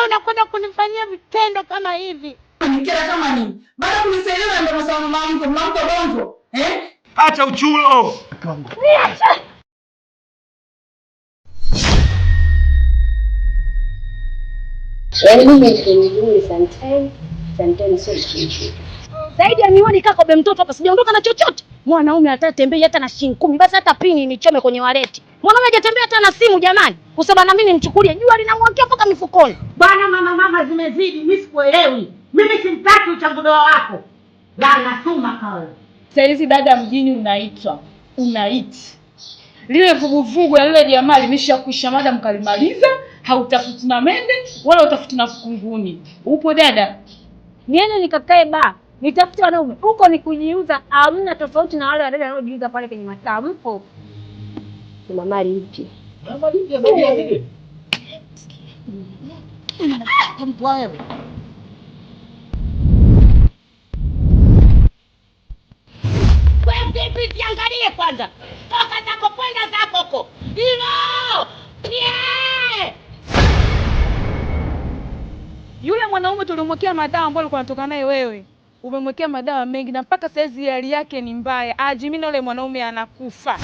wewe unakwenda kunifanyia vitendo kama hivi? Mkera kama nini? Bado kunisaidia ndio sababu mama mko mama mko bongo. Eh? Acha uchulo. Niache. Yaani mimi ndio sometimes sometimes sio kitu. Zaidi anione kaka bemtoto hapa sijaondoka na chochote mwanaume atatembea hata na shilingi kumi, basi hata pini nichome kwenye waleti. Mwanaume hajatembea hata na simu jamani, kusema na mimi nimchukulie. Jua linamwakia mpaka mifukoni. Bwana mama, mama zimezidi, mimi sikuelewi. Mimi simtaki uchagudoa wako suma kawe. Sasa hizi dada mjini unaitwa unaiti lile vuguvugu ya lile jamaa limeshakwisha, madam kalimaliza. Hautafuti na mende wala utafuti na fukunguni. Upo dada, niende nikakae baa nitafute wanaume huko, ni kujiuza. Hamna tofauti na wale wadada wanaojiuza pale kwenye matamko. Mama lipi mama Ziangalie kwanza, toka zako kwenda zakoko hivyo. Yule mwanaume tulimwekea madawa ambayo alikuwa anatoka naye wewe umemwekea madawa mengi na mpaka saizi hali yake ni mbaya. na yule mwanaume anakufa.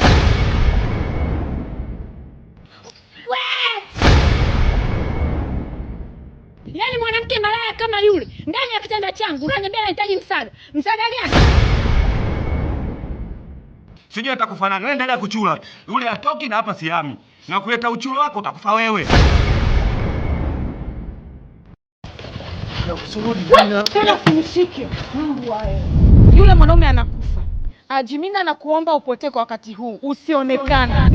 Yaani mwanamke malaya kama yule ndani ya kitanda changu unaniambia nahitaji msaada. Msaada gani? Sijui atakufanana. ndani endelea kuchula. Yule atoki na hapa siami. Na kuleta uchulo wako utakufa wewe. turudi Tena wewe. Yule mwanaume anakufa. Ajimina, nakuomba upotee kwa wakati huu. Usionekana.